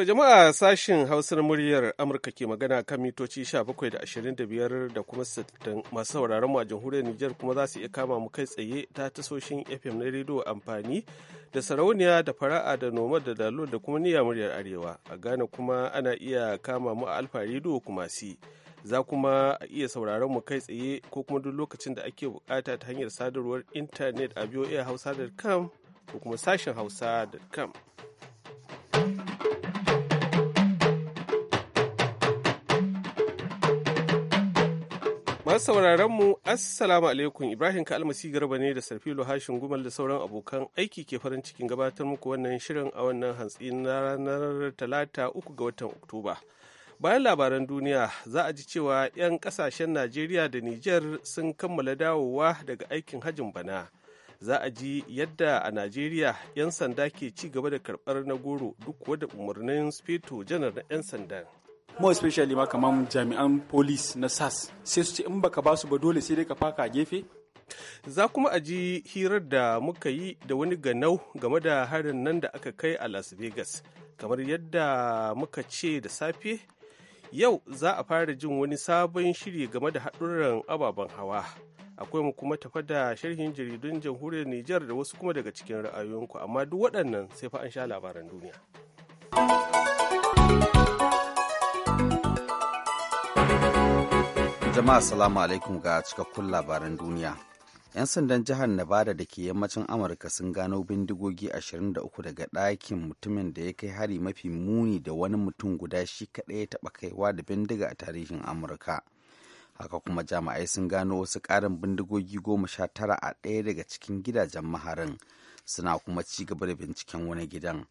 To jama'a sashen hausar muryar Amurka ke magana kan mitoci 17 da 25 da kuma 60 masu sauraron mu a jamhuriyar Nijar kuma za su iya kama mu kai tsaye ta tasoshin FM na rediyo amfani da sarauniya da fara'a da noma da dalo da kuma niyya muryar Arewa. A Ghana kuma ana iya kama mu a Alfa rediyo kuma si. Za kuma iya sauraron mu kai tsaye ko kuma duk lokacin da ake bukata ta hanyar sadarwar intanet a voahausa.com ko kuma sashen hausa.com. Masu sauraron mu Assalamu alaikum Ibrahim Kalmasi Garba ne da Sarfilo Hashin Gumal da sauran abokan aiki ke farin cikin gabatar muku wannan shirin a wannan hantsi na ranar Talata uku ga watan Oktoba. Bayan labaran duniya za a ji cewa 'yan kasashen Najeriya da Nijar sun kammala dawowa daga aikin hajin bana. Za a ji yadda a Najeriya 'yan sanda ke ci gaba da karɓar na goro duk wadda umarnin Sufeto janar na 'yan sandan. more especially ma kamar jami'an police na sas sai su ce in baka basu ba dole sai dai ka faka a gefe za kuma a ji hirar da muka yi da wani ganau game da harin nan da aka kai a las vegas kamar yadda muka ce da safe yau za a fara jin wani sabon shiri game da haɗurran ababen hawa akwai mu kuma tafa da sharhin jaridun jamhuriyar Nijar da wasu kuma daga cikin ra'ayoyinku amma duk waɗannan sai fa an sha labaran duniya. Jama'a salamu alaikum ga cikakkun labaran duniya. 'Yan sandan jihar Nevada da ke yammacin Amurka sun gano bindigogi 23 daga ɗakin mutumin da ya kai hari mafi muni da wani mutum guda shi kaɗai ya taɓa kaiwa da bindiga a tarihin Amurka. Haka kuma jami'ai sun gano wasu ƙarin bindigogi goma sha tara a ɗaya daga cikin gidajen maharin suna kuma ci gaba da binciken wani gidan.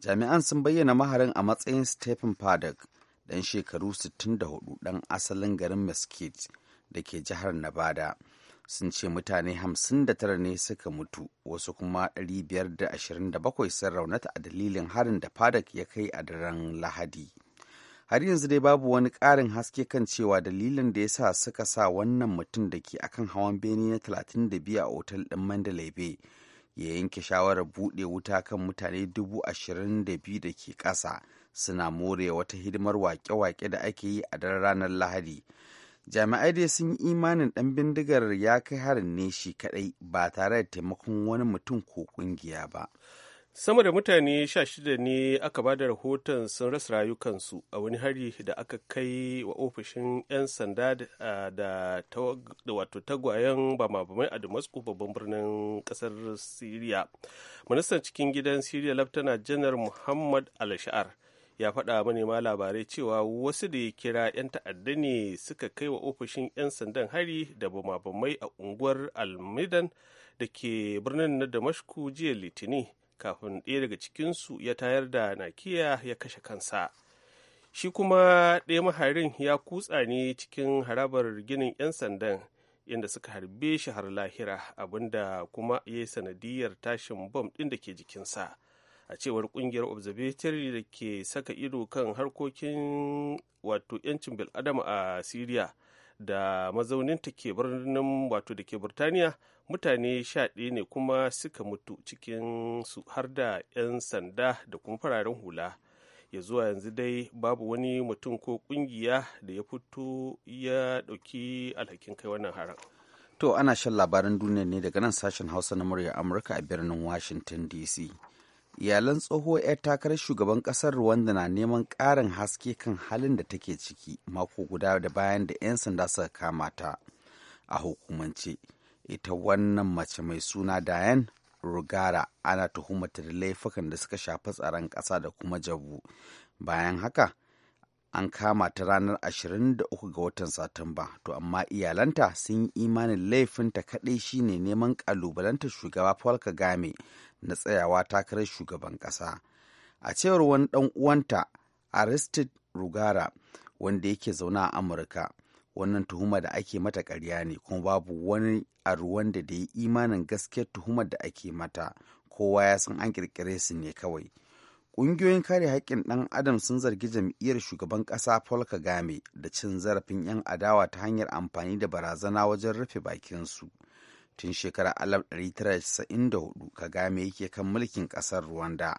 Jami'an sun bayyana maharin a matsayin Stephen Paddock ɗan shekaru 64 ɗan asalin garin mesquite da ke jihar nevada sun ce mutane 59 ne suka mutu wasu kuma 527 sun raunata a dalilin harin da fadak ya kai a daren lahadi har yanzu dai babu wani ƙarin haske kan cewa dalilin da ya sa suka sa wannan mutum da ke akan hawan bene na 32 a otal ɗin mandalay bay ya yanke shawarar buɗe wuta kan mutane 22,000 da ke ƙasa suna more wata hidimar wake-wake da ake yi a daren ranar lahadi jami'ai dai sun yi imanin ɗan bindigar ya kai harin ne shi kaɗai ba tare da taimakon wani mutum ko ƙungiya ba sama da mutane sha shida ne aka ba da rahoton sun rasa rayukansu a wani hari da aka kai wa ofishin 'yan sanda da wato tagwayen bama-bamai a damasku babban birnin kasar siriya ministan cikin gidan siriya laftana janar muhammad al-sha'ar ya faɗa manema labarai cewa wasu da ya kira 'yan ta'adda ne suka kai wa ofishin 'yan sandan hari da bumabumai a unguwar almidan da ke birnin na damashku jiya litini kafin ɗaya daga cikinsu ya tayar da nakiya ya kashe kansa shi kuma ɗaya maharin ya kutsa ne cikin harabar ginin 'yan sandan inda suka harbe shi har lahira abinda kuma ya yi sanadiyar tashin bom ɗin da ke jikinsa. a cewar kungiyar observatory da ke saka ido kan harkokin wato 'yancin bil'adama a syria da mazauninta ke birnin wato da ke birtaniya mutane sha ɗaya ne kuma suka mutu cikin su har da 'yan sanda da kuma fararen hula ya zuwa yanzu dai babu wani mutum ko kungiya da ya fito ya ɗauki alhakin kai wannan haram to ana shan labaran duniya ne daga nan sashen hausa na murya amurka a birnin washington dc iyalan tsoho 'yar takarar shugaban kasar rwanda na neman ƙarin haske kan halin da take ciki mako guda da bayan da 'yan sanda suka kama ta a hukumance ita wannan mace mai suna dayan rugara ana tuhumata da laifukan da suka shafi tsaron ƙasa da kuma jabu bayan haka an kama ta ranar 23 ga watan satumba to amma iyalanta sun yi imanin laifinta kaɗai shine neman ƙalubalantar shugaba paul kagame na tsayawa takarar shugaban ƙasa a cewar wani ɗan uwanta arrested rugara wanda yake zaune a amurka wannan tuhuma da ake mata ƙarya ne kuma babu wani a ruwan da ya yi imanin gaskiyar tuhumar da ake mata kowa ya san an ƙirƙire su ne kawai ƙungiyoyin kare haƙƙin ɗan adam sun zargi jam'iyyar shugaban ƙasa paul kagame da cin zarafin 'yan adawa ta hanyar amfani da barazana wajen rufe su. tun shekarar 1994 kagame yake kan mulkin kasar rwanda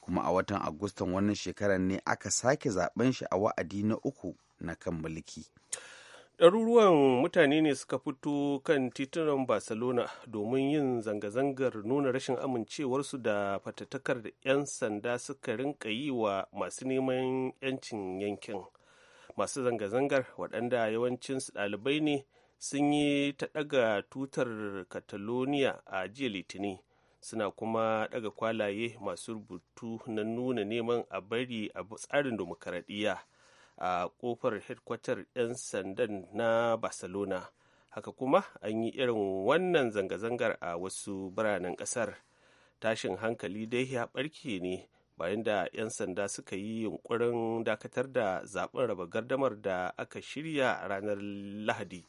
kuma a watan agustan wannan shekarar ne aka sake zaben shi a wa'adi na uku na kan mulki ɗaruruwan mutane ne suka fito kan titunan barcelona domin yin zanga-zangar nuna rashin amincewarsu da fatattakar da 'yan sanda suka rinka yi wa masu neman 'yancin yankin masu zanga-zangar waɗanda yawancinsu ɗalibai ne sun yi ta ɗaga tutar catalonia a jiya litinin suna kuma ɗaga kwalaye masu rubutu na nuna neman a bari a tsarin demokaradiyya a kofar headquarter 'yan sandan na barcelona haka kuma an yi irin wannan zanga-zangar a wasu biranen ƙasar tashin hankali dai ya barke ne bayan da 'yan sanda suka yi yunkurin dakatar da zaben raba gardamar da aka shirya ranar lahadi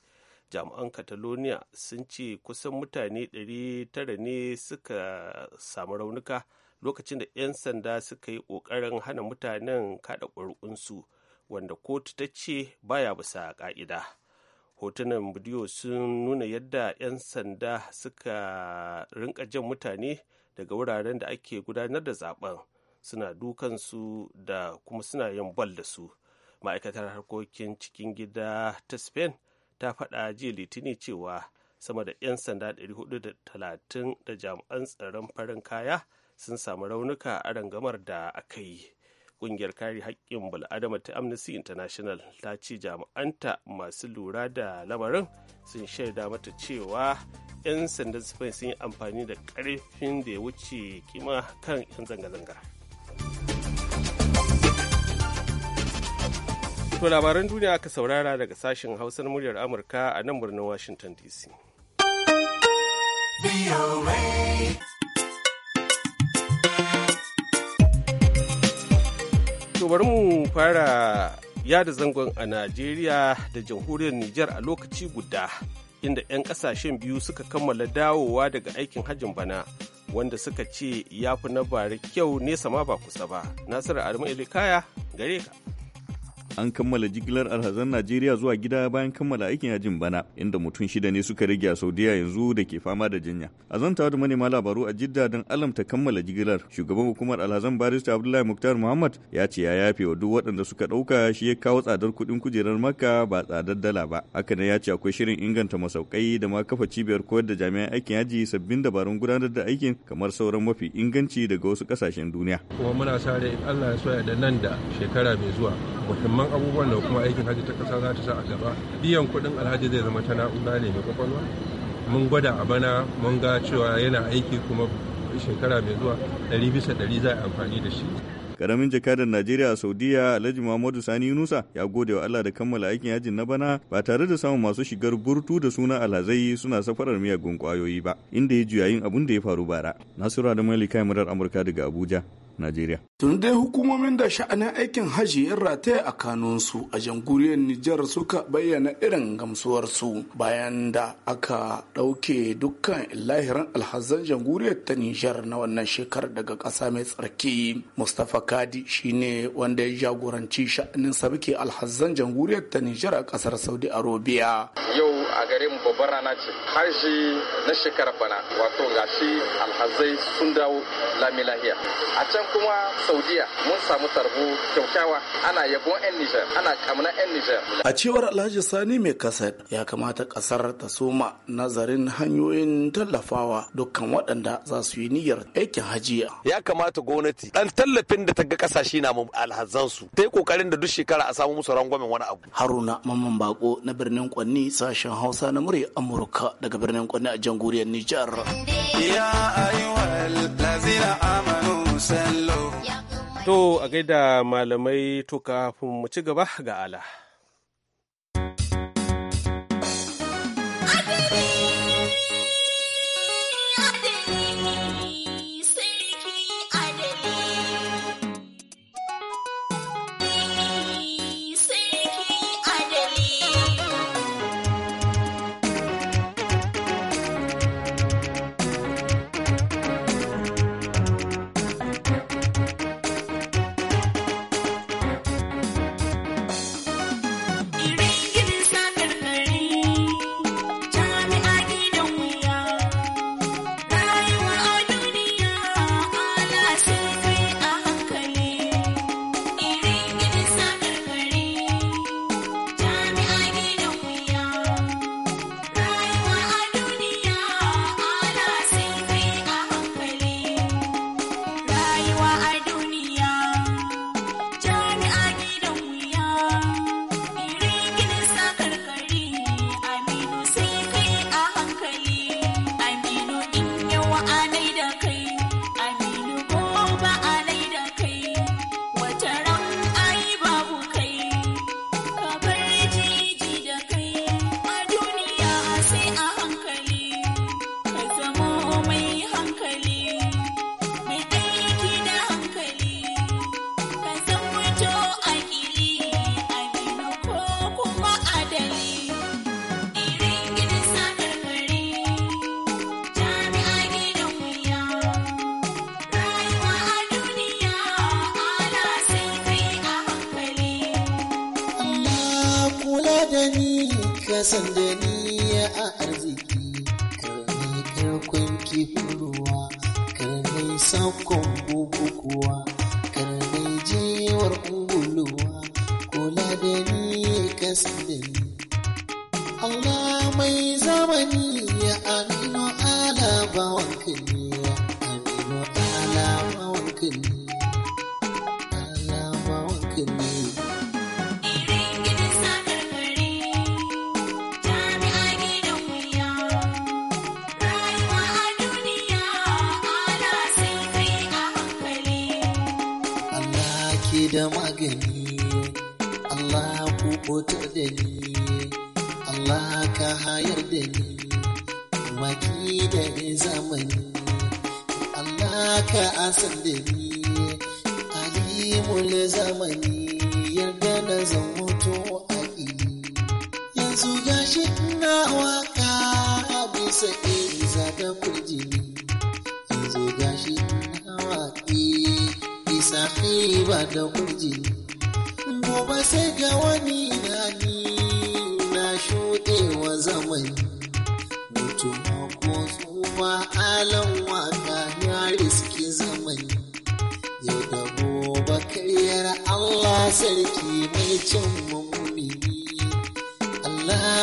jami'an catalonia sun ce kusan mutane 900 ne suka samu raunuka lokacin da 'yan sanda suka yi ƙoƙarin hana mutanen kada ƙwarƙunsu wanda kotu ta ce baya bisa ƙa'ida hotunan bidiyo sun nuna yadda 'yan sanda suka rinka jan mutane daga wuraren da ake gudanar da zaben suna dukansu da kuma suna yin bal da su ma'aikatar harkokin cikin gida ta spain ta faɗa jiya litini cewa sama da 'yan sanda 430 da jami'an tsaron farin kaya sun samu raunuka a rangamar da aka yi ƙungiyar kare haƙƙin bal'adama ta amnesty international ta ce jami'anta masu lura da lamarin sun shaida mata cewa 'yan sandan sun yi amfani da ƙarfin da ya wuce kima kan 'yan zanga-zangar To labaran duniya aka saurara daga sashen hausar muryar Amurka a nan birnin Washington DC. To bari mu fara yada zangon a Najeriya da jamhuriyar Nijar a lokaci guda inda 'yan kasashen biyu suka kammala dawowa daga aikin hajjin bana wanda suka ce ya fi na bari kyau nesa ma ba kusa ba. Nasiru Adamu Ilikaya gare ka. An kammala jigilar alhazan Najeriya zuwa gida bayan kammala aikin yajin bana, inda mutum shida ne suka rage a Saudiya yanzu da ke fama da jinya. A zantawa da manema labaru a Jidda don alamta kammala jigilar, shugaban hukumar alhazan barista Abdullahi Muktar Muhammad ya ce ya yafe wa duk waɗanda suka ɗauka shi ya kawo tsadar kuɗin kujerar Makka ba tsadar dala ba. Haka ne ya ce akwai shirin inganta masaukai da ma kafa cibiyar koyar da jami'an aikin yaji sabbin dabarun gudanar da aikin kamar sauran mafi inganci daga wasu kasashen duniya. Kuma muna sa in Allah ya so da nan da shekara mai zuwa muhimman abubuwan da kuma aikin hajji ta kasa za ta sa a gaba biyan kuɗin alhaji zai zama ta na'ura ne mai kwakwalwa mun gwada a bana mun ga cewa yana aiki kuma shekara mai zuwa ɗari bisa ɗari za a amfani da shi karamin jakadar najeriya a saudiya alhaji muhammadu sani yunusa ya gode wa allah da kammala aikin yajin na bana ba tare da samun masu shigar burtu da suna alhazai suna safarar miyagun kwayoyi ba inda ya juya yin abin da ya faru bara nasiru da kai murar amurka daga abuja Najeriya. Tun dai hukumomin da sha'anin aikin haji yan rataya a kanunsu a jamhuriyar Nijar suka bayyana irin gamsuwarsu bayan da aka ɗauke dukkan lahiran alhazan jamhuriyar ta Nijar na wannan shekarar daga ƙasa mai tsarki. Mustapha Kadi shine wanda ya jagoranci sha'anin sabuke alhazan jamhuriyar ta Nijar a ƙasar Saudi Arabia. Yau a garin mu babbar rana ce haji na shekarar bana wato gashi alhazai sun dawo lami lahiya. A can kuma saudiya mun samu tarbo kyaukyawa ana yabon 'yan nijar ana kamuna 'yan nijar a cewar alhaji sani mai kasar ya kamata kasar ta soma nazarin hanyoyin tallafawa dukkan waɗanda za su yi niyyar aikin hajiya ya kamata gwamnati dan tallafin da ta ga kasashe na alhazansu ta yi kokarin da duk shekara a samu musu rangwamen wani abu haruna mamman bako na birnin kwanni sashen hausa na murya amurka daga birnin kwanni a jamhuriyar nijar ya ayyuhal lazina amanu To a gaida malamai to kafin mu ci gaba ga ala. ke kuruwa karnai sakon bukukuwa kuwa karnai jewar unguluwa kula da ni kasance yanzu gashi na waka bisa isa da kurjini yanzu gashi na waki bisa ba da kurjini gobe sai ga wani rani na shuɗewa zamani mutum ko tsufa alan waka na riski zamani yau da gobe karyar Allah sarki mai cin mu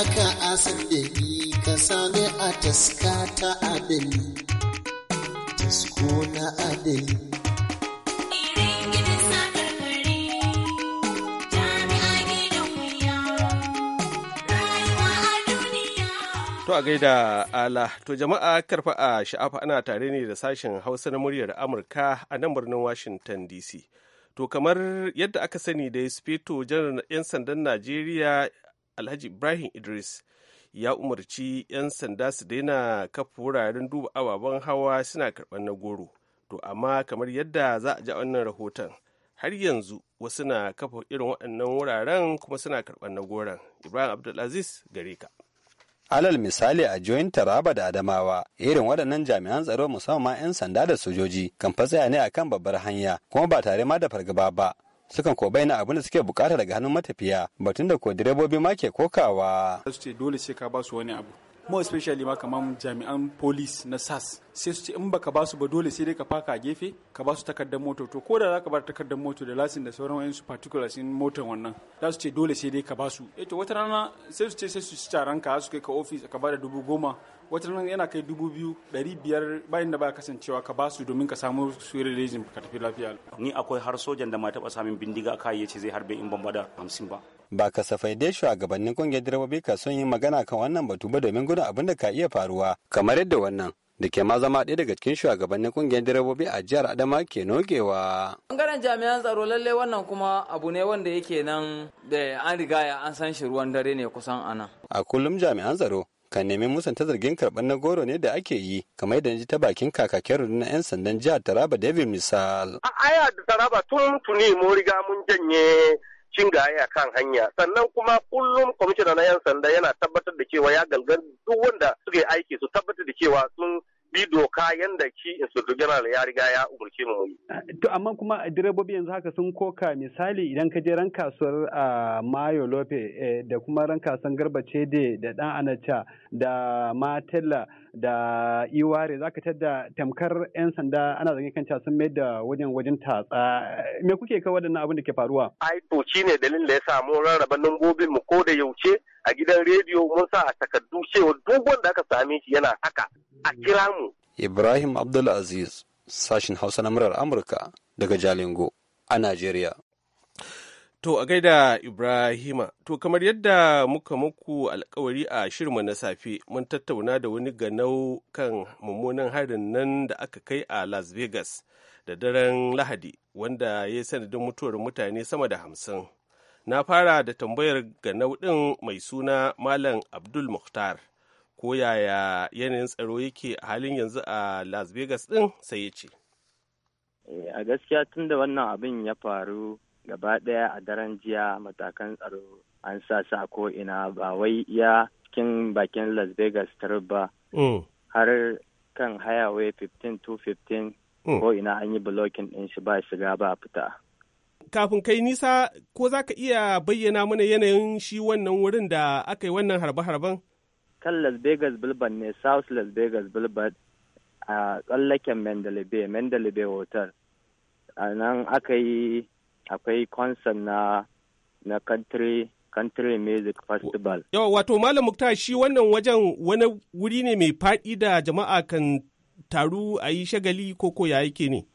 naka asibiti ka sami a taska ta abin tasko na abin To a gaida ala, to jama'a karfa a sha'afa ana tare ne da sashen hausa na muryar Amurka a nan birnin Washington DC. To kamar yadda aka sani da fito janar 'yan sandan Najeriya alhaji ibrahim idris ya umarci 'yan sanda su daina kafa wuraren duba ababen hawa suna karɓar na goro to amma kamar yadda za a ji wannan rahoton har yanzu wasu na kafa irin waɗannan wuraren kuma suna karɓar na goron ibrahim abdulaziz gare ka alal misali a joyin taraba da adamawa irin waɗannan jami'an tsaro musamman 'yan sanda da sojoji kan tsaya ne akan babbar hanya kuma ba tare ma da fargaba ba sukan ko bayyana abin da suke bukata daga hannun matafiya batun da ko direbobi ma ke kokawa su ce dole sai ka basu wani abu mo especially ma kamar jami'an police na sas sai su ce in baka basu ba dole sai dai ka faka a gefe ka basu takardar mota to ko da za ka bar takardar mota da lasin da sauran wayansu particular sin motar wannan za su ce dole sai dai ka basu eh to wata rana sai su ce sai su ci taron ka su kai ka office ka bada dubu goma wata nan yana kai dubu biyu ɗari biyar bayan da ba kasancewa ka ba su domin ka samu su relation ka tafi lafiya ni akwai har sojan da ma taɓa samun bindiga a ya ce zai harbe in ban bada hamsin ba ba safai dai shugabannin kungiyar direbobi ka son yin magana kan wannan batu ba domin gudun abin da ka iya faruwa kamar yadda wannan da ke ma zama ɗaya daga cikin shugabannin kungiyar direbobi a jihar adama ke nogewa. bangaren jami'an tsaro lallai wannan kuma abu ne wanda yake nan da an riga ya an san shi ruwan dare ne kusan anan. a kullum jami'an tsaro kan nemi musanta zargin karɓar na goro ne da ake yi kamar yadda ji ta bakin kakakin rundunar 'yan sandan jihar Taraba David Misal. A aya da Taraba tun tuni mun riga mun janye cin gaya kan hanya sannan kuma kullum kwamishina na 'yan sanda yana tabbatar da cewa ya galgar duk wanda suka aiki su tabbatar da cewa sun bi doka yanda ki inspector general ya riga ya umarce mu muni. Ah, to amma kuma direbobi yanzu haka sun koka misali idan ka je ran kasuwar ah, Mayo Lope eh, da kuma ran kasuwar Garba Cede da Dan Anacha da Matella da Iware zaka tada tamkar 'yan sanda ana zangin kan sun mai da wajen wajen tatsa me kuke kawo waɗannan abin da ke faruwa? Ai to shine dalilin da ya samu, rarraba lambobin mu ko da yauce a gidan rediyo mun sa a takardu cewa duk wanda aka same shi yana haka a kira mu. Ibrahim Abdulaziz sashin Hausa na murar Amurka daga Jalingo a Najeriya. To a gaida Ibrahima, to kamar yadda muka muku alkawari a shirma na safe mun tattauna da wani ganau kan mummunan harin nan da aka kai a Las Vegas da daren Lahadi wanda ya sanadin mutuwar mutane sama da hamsin. na fara da tambayar ganau ɗin mai suna malam abdul muhtar ko yaya yanayin tsaro yake a halin yanzu a las vegas ɗin sai ya ce eh, a gaskiya tun da wannan abin ya faru gaba ɗaya a daren jiya matakan tsaro an sa sa ko ina ba wai ya cikin bakin las vegas ba mm. har kan hayawe 15 to 15 ko ina an yi blocking ɗin shi ba shiga ba fita kafin kai nisa ko za ka iya bayyana mana yanayin shi wannan wurin da aka yi wannan harbe-harben? Kan Las Vegas Boulevard ne South Las Vegas Boulevard a tsallaken Mandalay Bay, Mandalay Bay Hotel. A nan aka yi akwai concert na na country country music festival. Yawa wato Malam Mukta shi wannan wajen wani wuri ne mai faɗi da jama'a kan taru a yi shagali ko ko ya yake ne?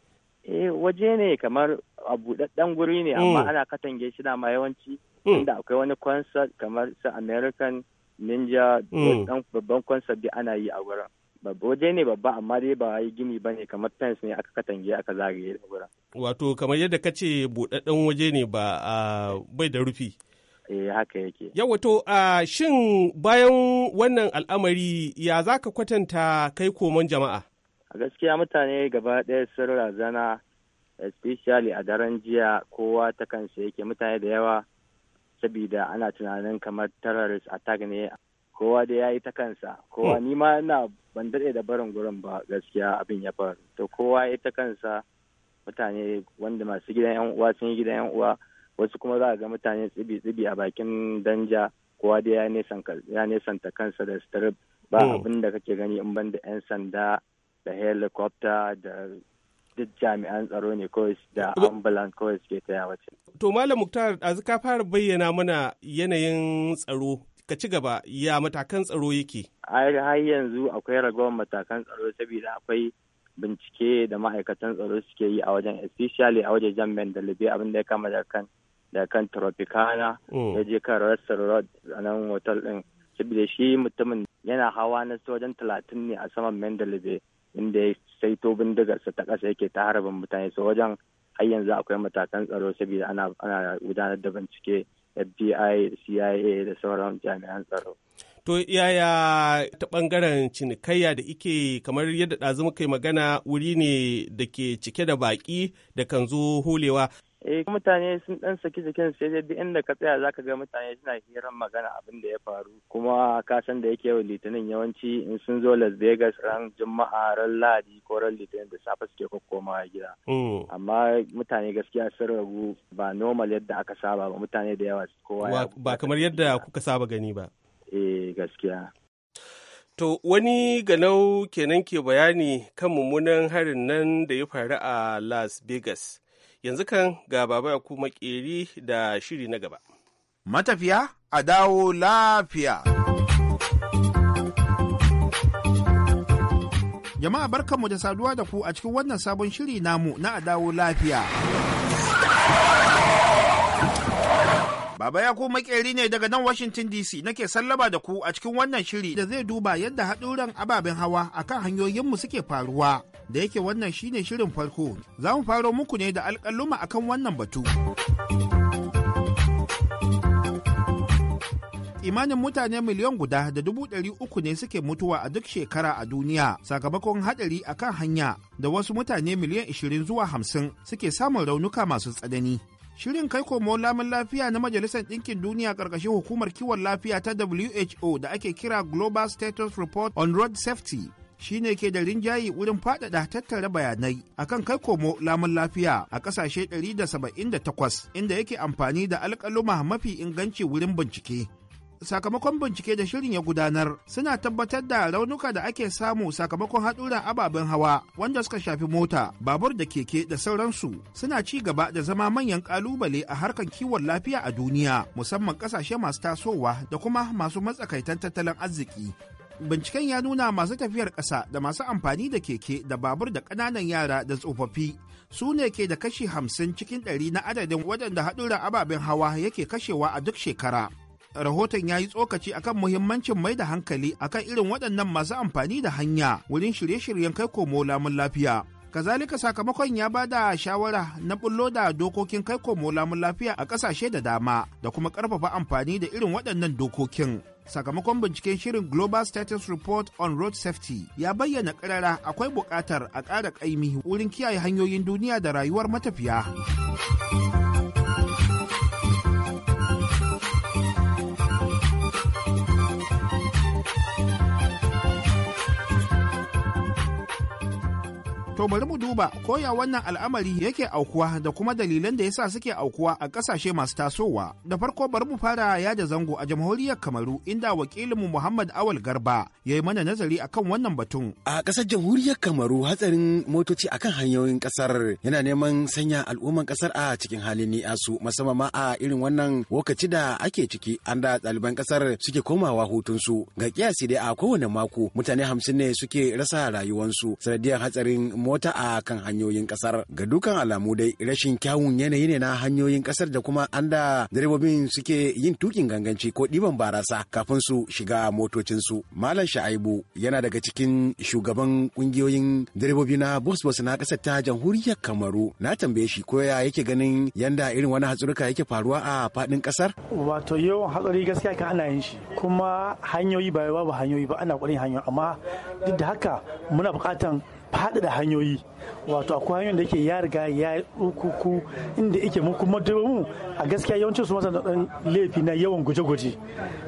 Eh waje ne kamar a buɗaɗɗen guri ne amma mm. ana katange shi ma yawanci mm. inda akwai wani concert kamar su American Ninja dan mm. babban concert da ana yi a wurin. Babba waje ne babba amma dai ba yi gini ba ne kamar fence ne aka katange aka zagaye da wurin. Wato kamar yadda ka ce buɗaɗɗen waje ne ba a bai da rufi. Eh haka yake. Yawa to shin bayan wannan al'amari ya za ka kwatanta kai koman jama'a? A gaskiya mutane gaba ɗaya sun razana especially a daren jiya kowa ta kansa yake mutane da yawa sabida ana tunanin kamar terrorist attack ne kowa da ya yi ta kansa kowa hmm. ni ma ina ban daɗe da barin gurin ba gaskiya abin ya faru to kowa ya yi ta kansa mutane wanda masu gidan yan uwa sun yi gidan yan uwa wasu kuma za a ga mutane tsibi-tsibi a bakin danja kowa da ya nisan ta kansa da strip ba hmm. abin da kake gani in ban da 'yan sanda da helicopter da duk jami'an tsaro ne kawai da ambulan kawai suke taya wace. To Malam Muktar, ɗazu ka fara bayyana mana yanayin tsaro ka ci gaba ya matakan tsaro yake. Har yanzu akwai ragowar matakan tsaro saboda akwai bincike da ma'aikatan tsaro suke yi a wajen especially a wajen jan Mendelibe abin da ya kama da kan da kan Tropicana mm. ya je kan Russell Road a nan hotel din saboda shi mutumin yana hawa na wajen talatin ne a saman Mendelibe. inda ya saito bindigarsa ta ƙasa yake ta harabin mutane su wajen har yanzu akwai matakan tsaro saboda ana gudanar da bincike FBI, CIA da sauran jami'an tsaro. To yaya ta bangaren cinikayya da ike kamar yadda ɗazu muka yi magana wuri ne da ke cike da baƙi da kan zo hulewa eh mutane sun dan saki jikin sai dai inda ka tsaya zaka ga mutane suna hirar magana abin da ya faru kuma ka san da yake litinin yawanci in sun zo Las Vegas ran Juma'a ran Ladi ko ran Litinin da safe suke kokkoma gida mm. amma mutane gaskiya sun ragu ba normal yadda aka saba ba mutane da yawa kowa ba kamar yadda kuka saba gani ba eh gaskiya To wani ganau kenan ke bayani kan mummunan harin nan da ya faru a Las Vegas. yanzu kan ga baba ya kuma ƙeri da shiri na gaba. Matafiya a dawo lafiya. Jama'a barkanmu da saduwa da ku a cikin wannan sabon shiri namu na a dawo lafiya. Baba ya kuma makeri ne daga nan Washington DC nake sallaba da ku a cikin wannan shiri da zai duba yadda haɗuran ababen hawa akan hanyoyinmu suke faruwa. da yake wannan shine shirin farko za mu faro muku ne da alƙaluma akan wannan batu. imanin mutane miliyan guda da dubu ɗari uku ne suke mutuwa a duk shekara a duniya sakamakon haɗari a kan hanya da wasu mutane miliyan ishirin zuwa hamsin suke samun raunuka masu tsanani. Shirin kai komo lamun lafiya na Majalisar Ɗinkin Duniya ƙarƙashin hukumar kiwon lafiya ta WHO da ake kira Global Status Report on Road Safety shine ke da rinjayi wurin faɗaɗa tattara bayanai akan kai komo lamun lafiya a ƙasashe 178 inda yake amfani da alkaluma mafi inganci wurin bincike. Sakamakon bincike da shirin ya gudanar suna tabbatar da raunuka da ake samu sakamakon haɗura ababen hawa wanda suka shafi mota, babur da keke da sauransu suna ci gaba da zama manyan ƙalubale a harkar kiwon lafiya a duniya musamman ƙasashe masu tasowa da kuma masu matsakaitan tattalin arziki. binciken ya nuna masu tafiyar ƙasa da masu amfani da keke da babur da ƙananan yara da tsofaffi su ne ke da kashi hamsin cikin ɗari na adadin waɗanda haɗura ababen hawa yake kashewa a duk shekara. rahoton ya yi tsokaci akan muhimmancin mai da hankali akan irin waɗannan masu amfani da hanya wurin shirye-shiryen kai komo lamun lafiya. Kazalika sakamakon ya ba da shawara na bullo da dokokin kai komo lamun lafiya a ƙasashe da dama da kuma ƙarfafa amfani da irin waɗannan dokokin. sakamakon binciken shirin global status report on road safety ya bayyana karara akwai buƙatar a ƙara ƙaimi wurin kiyaye hanyoyin duniya da rayuwar matafiya. To bari mu duba koya wannan al'amari yake aukuwa da kuma dalilan da yasa suke aukuwa a ƙasashe masu tasowa. Da farko bari mu fara yada zango a jamhuriyar Kamaru inda wakilinmu Muhammad Awal Garba ya yi mana nazari akan wannan batun. A ƙasar jamhuriyar Kamaru hatsarin motoci akan hanyoyin ƙasar yana neman sanya al'umman ƙasar a cikin halin asu. musamman ma a irin wannan lokaci da ake ciki an da ɗaliban ƙasar suke komawa hutunsu. Ga kiyasi dai a kowane mako mutane hamsin ne suke rasa rayuwansu sanadiyar hatsarin mota a kan hanyoyin kasar ga dukan alamu dai rashin kyawun yanayi ne na hanyoyin kasar da kuma an da direbobin suke yin tukin ganganci ko ɗiban barasa kafin su shiga motocin su malam shaibu yana daga cikin shugaban kungiyoyin direbobi na bus bus na kasar ta jamhuriyar kamaru na tambaye shi ko ya yake ganin yanda irin wani hatsurka yake faruwa a faɗin kasar wato yawan hatsari gaskiya kan ana yin shi kuma hanyoyi ba babu hanyoyi ba ana ƙwarin hanyoyi amma duk da haka muna buƙatan faɗi da hanyoyi wato akwai hanyoyin da yake ya riga ya yi ukuku inda yake mu kuma mu a gaskiya yawancin su masa dan laifi na yawan guje-guje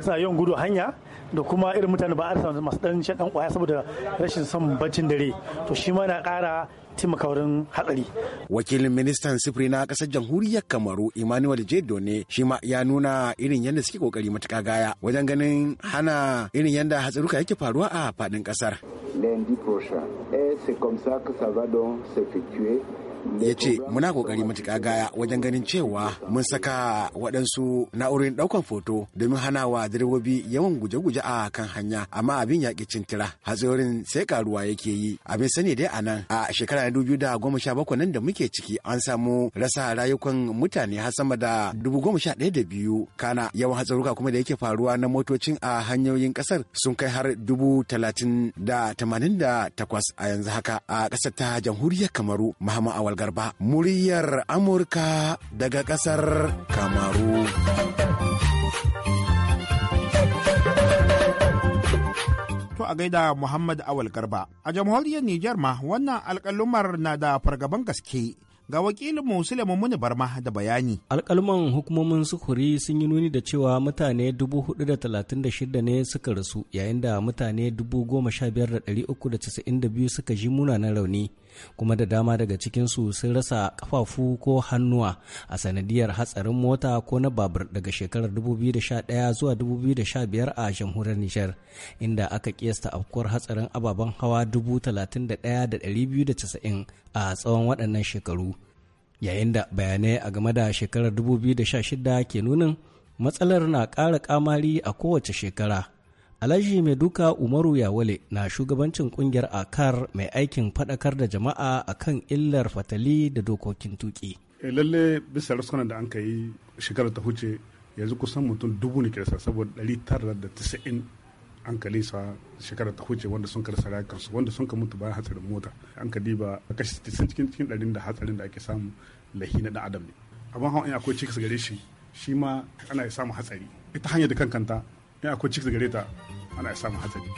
suna yawan gudu hanya da kuma irin mutane ba a masu dan shan dan kwaya saboda rashin son baccin dare to shi ma na ƙara taimaka wurin hatsari. Wakilin ministan sifiri na kasar jamhuriyar Kamaru Emmanuel Jedo ne shi ma ya nuna irin yadda suke kokari matuka gaya wajen ganin hana irin yadda hatsaruka yake faruwa a faɗin ƙasar. Lundi prochain. c'est comme ça que ça va ya ce muna kokari matuƙa gaya wajen ganin cewa mun saka waɗansu na'urorin ɗaukan foto domin hana wa direbobi yawan guje-guje a kan hanya amma abin ya cin tira hatsarin sai karuwa yake yi abin sani dai a nan a shekara na dubu da goma sha bakwai nan da muke ciki an samu rasa rayukan mutane har sama da dubu goma sha ɗaya da biyu kana yawan hatsaruka kuma da yake faruwa na motocin a hanyoyin ƙasar sun kai har dubu talatin da tamanin da takwas a yanzu haka a ƙasar ta jamhuriyar kamaru muhammad Garba, muryar Amurka daga ƙasar Kamaru. To a gaida Muhammad Awal Garba, a jamhuriyar Nijar ma wannan alkalumar na da fargaban gaske. ga wakilin Musulun Muni Barma da bayani. Alkalman hukumomin sukuri sun yi nuni da cewa mutane 436 ne suka rasu yayin da mutane 15,392 suka ji munanan rauni. kuma da dama daga cikinsu sun rasa kafafu ko hannuwa a sanadiyar hatsarin mota ko na babur daga shekarar 2011 zuwa 2015 a jamhuriyar Nijar inda aka kiyasta afkuwar hatsarin ababen hawa 31,290 a tsawon waɗannan shekaru yayin da bayanai a game da shekarar 2016 ke nunin matsalar na ƙara kamari a kowace shekara Alhaji mai duka Umaru Yawale na shugabancin kungiyar AKAR mai aikin faɗakar da jama'a a kan illar fatali da dokokin tuki. Eh, lalle bisa rasukunan da an ka yi shekarar ta huce yanzu kusan mutum dubu ne kirsa saboda ɗari tara da tisa'in an kalisa shekarar ta huce wanda sun karsa rayukansu wanda sun ka mutu bayan hatsarin mota an ka diba a kashi tisin cikin cikin ɗarin da hatsarin da ake samu lahi na ɗan adam ne. Abin hawan akwai cikas gare shi shi ma ana samun hatsari ita hanyar da kankanta in akwai cikin gare ta ana samun hatsari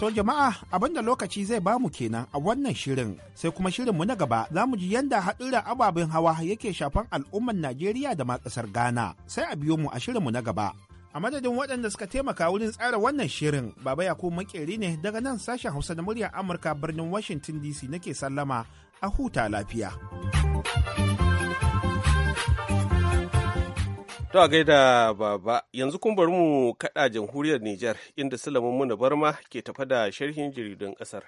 To jama'a abinda lokaci zai bamu kenan a wannan shirin sai kuma shirin mu na gaba za mu ji yadda haɗuran ababen hawa yake shafan al'umman Najeriya da ma ƙasar Ghana sai a biyo mu a shirin mu na gaba. A madadin waɗanda suka taimaka wurin tsara wannan shirin Baba Yakubu Makeri ne daga nan sashen Hausa da muryar Amurka birnin Washington DC nake sallama a huta lafiya. To a gaida baba yanzu kun bari mu kaɗa jamhuriyar Nijar inda Sulaiman Muna Barma ke tafa da sharhin jaridun ƙasar.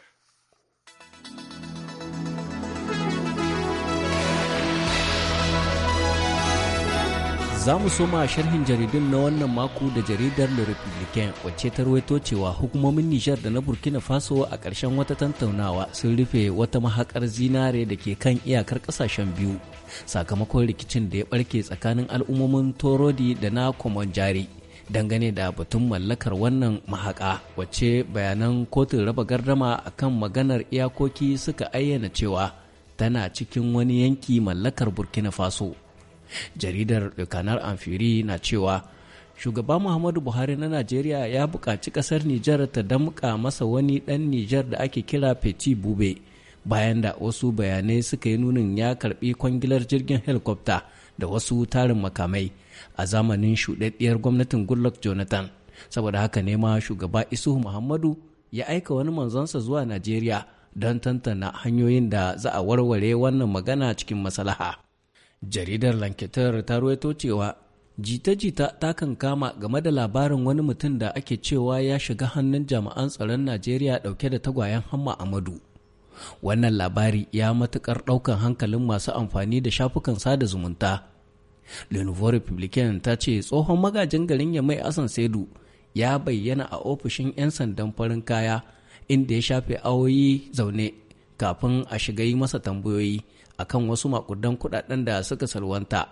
za mu soma sharhin jaridun na wannan mako da jaridar Le republican wacce ta rawaito cewa hukumomin Nijar da na Burkina Faso a ƙarshen wata tantaunawa sun rufe wata mahakar zinare da ke kan iyakar ƙasashen biyu sakamakon rikicin da ya barke tsakanin al'ummomin Torodi da na Komonjari dangane da batun mallakar wannan mahaka wacce bayanan kotun raba gardama akan maganar iyakoki suka ayyana cewa tana cikin wani yanki mallakar Burkina Faso. jaridar kanar amfiri na cewa shugaba muhammadu buhari na najeriya ya buƙaci ƙasar nijar ta damƙa masa wani ɗan nijar da ake kira petit bube bayan da wasu bayanai suka yi nunin ya karɓi kwangilar jirgin helikwafta da wasu tarin makamai a zamanin shuɗaɗɗiyar gwamnatin goodluck jonathan saboda haka ne ma shugaba isuhu muhammadu ya aika wani manzonsa zuwa najeriya don tantana hanyoyin da za a warware wannan magana cikin masalaha. jaridar lanketar ta ruwaito cewa jita-jita ta kan kama game da labarin wani mutum da ake cewa ya shiga hannun jami'an tsaron najeriya dauke da tagwayen hamma amadu wannan labari ya matukar daukan hankalin masu amfani da shafukan sada zumunta Lenovo republican ta ce tsohon magajin garin ya mai asan saidu ya bayyana a ofishin 'yan sandan farin kaya inda ya shafe awoyi zaune kafin a shiga yi masa tambayoyi a kan wasu makudan kudaden da suka salwanta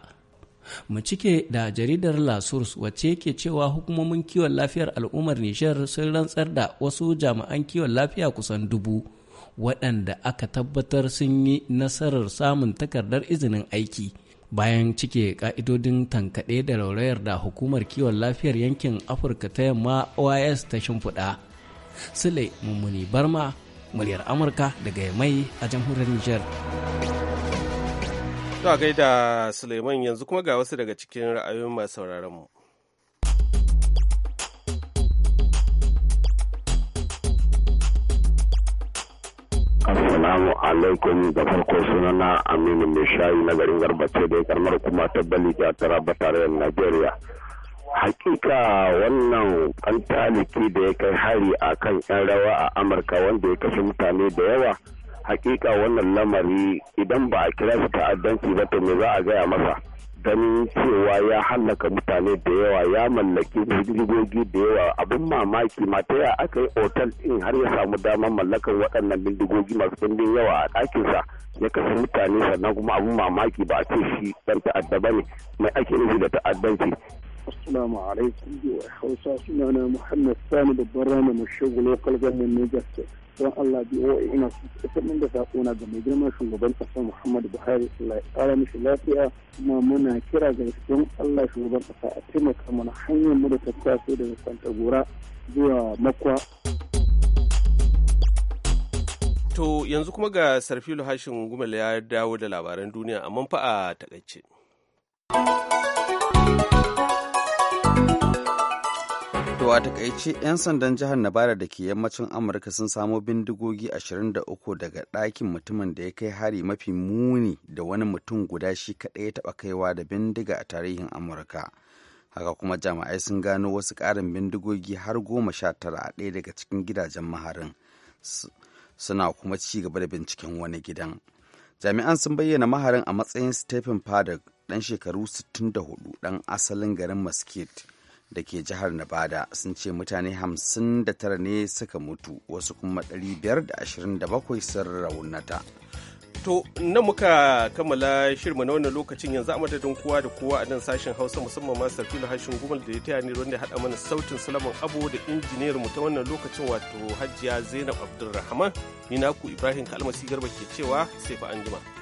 mu cike da jaridar la source wacce ke cewa hukumomin kiwon lafiyar al'ummar nishar sun rantsar da wasu jami'an kiwon lafiya kusan dubu waɗanda aka tabbatar sun yi nasarar samun takardar izinin aiki bayan cike ka'idodin tankaɗe da raurayar da hukumar kiwon lafiyar yankin afirka ta yamma ois ta shimfiɗa sule mummuni barma muryar amurka daga mai a jamhuriyar niger to a gaida suleiman yanzu kuma ga wasu daga cikin ra'ayoyin masu sauraron mu Assalamu alaikum da farko sunana Aminu Mai Shayi na garin Garbace da ya karmar kuma ta Bali ba tare da Najeriya. hakika wannan taliki da ya kai hari a kan 'yan rawa a amurka wanda ya kashe mutane da yawa hakika wannan lamari idan ba a kira shi ta'addanci ba to me za a gaya masa ganin cewa ya hallaka mutane da yawa ya mallaki bindigogi da yawa abin mamaki mata ya aka yi otal ɗin har ya samu damar mallakar waɗannan bindigogi masu kundin yawa a ɗakinsa ya kashe mutane sannan kuma abin mamaki ba a ce shi ɗan ta'adda ba ne mai ake nufi da ta'addanci Assalamu alaikum biyu Hausa sunana Muhammad Sani babban rana mai shagu local government Niger State. Don Allah biyu ina su tabbatar da sakona ga mai girma shugaban ƙasa Muhammadu Buhari Allah ya mishi lafiya kuma muna kira ga don Allah shugaban ƙasa a taimaka mana hanyar mu da ta taso daga Kwantagora zuwa Makwa. To yanzu kuma ga Sarfilu Hashin Gumal ya dawo da labaran duniya amma fa a takaice. To a takaice 'yan sandan jihar Nabara da ke yammacin Amurka sun samo bindigogi 23 daga ɗakin mutumin da ya kai hari mafi muni da wani mutum guda shi kaɗai ya taɓa kaiwa da bindiga a tarihin Amurka. Haka kuma jami'ai sun gano wasu ƙarin bindigogi har goma sha tara a ɗaya daga cikin gidajen maharin. Suna kuma ci gaba da binciken wani gidan. Jami'an sun bayyana maharin a matsayin Stephen Paddock, ɗan shekaru 64, ɗan asalin garin Mesquite. da ke jihar Nevada sun ce mutane 59 ne suka mutu wasu kuma 527 sun raunata. To, na muka kammala shirma na wannan lokacin yanzu a madadin kowa da kowa a nan sashen Hausa musamman ma Sarfilo Hashin Gumal da ya taya ne wanda ya haɗa mana sautin Salaman abu da injiniyar mu ta wannan lokacin wato hajjiya Zainab Abdulrahman. Ni naku Ibrahim Kalmasi Garba ke cewa sai fa anjima.